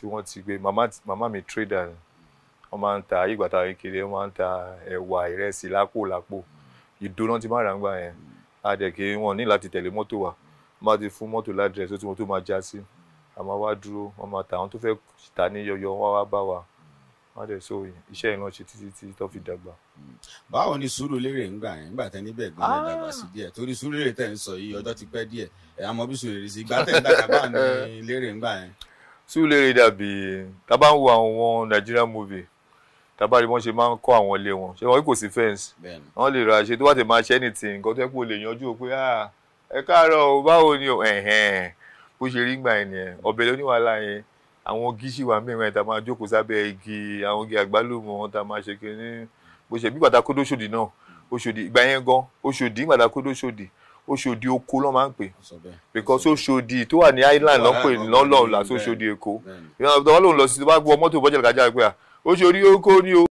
tí wọ́n ti gbé màmá mi trader ni wọ́n máa ń ta ìgbà táwọn kékeré wọ́n máa ń ta ẹ̀wà ìrẹsì lápò lápò ìdóná ti máa rà ń gbà yẹn adẹ̀kè wọn ní láti tẹ̀lé mọ́tò wa wọ́n máa ti fún mọ́tò ládìrẹ́sì tó ti wọn tó máa já sí àmọ́ wá dúró wọ́n máa ta àwọn tó fẹ́ ta ní yọyọ wọ́n wá bá wa wọ́n dẹ̀ so iṣẹ́ yìí náà ṣe títí tí tó fi dàgbà. báwo ni sùúrù lérè ń gbà yẹn nígbà tẹ níbẹ̀ gan ẹ ah! dàgbà sí díẹ̀ torí sùúrù lérè tẹ̀ ń sọ yìí ọjọ́ ti pẹ́ díẹ̀ ẹ̀ àmọ́ sùúrù lérè sí gbà tẹ̀ ń dàgbà báà ní lérè ń gbà yẹn. Súlèrè dàbí tá a bá ń wo àwọn Nigerian movie tábàrí wọn ṣe máa ń kọ́ àwọn ilé wọn ṣé wọn kò sí fẹ́ǹsì wọn lè ra ṣe tó wà tẹ máa ṣe anything nǹkan tó yẹ kó lè yanjú o pé ah, ẹ káàárọ̀ o báwo ni o bó ṣe rí gbà yẹn nìyẹn ọbẹ̀ lóníwàhálà yẹn àwọn gíṣì wà mìíràn tá a máa jókòó sábẹ́ igi àwọn igi àgbálùmọ̀ tá a máa ṣe kí ní bó ṣe bí gbàdá kó lóṣòdì náà Òṣòdì ìgbà yẹn gan Òṣòdì gbàdá kó lóṣòdì Oṣòdì oko ló máa ń pè because Oṣòdì tó wà ní island ló ń pè lọ́lọ́ làtó Oṣòdì Èkó ìyàwó tó wọ́n lòun lọ sí tó bá gbọ́ mọ́tò bọ́jà kájà pé à Oṣòdì oko ni o.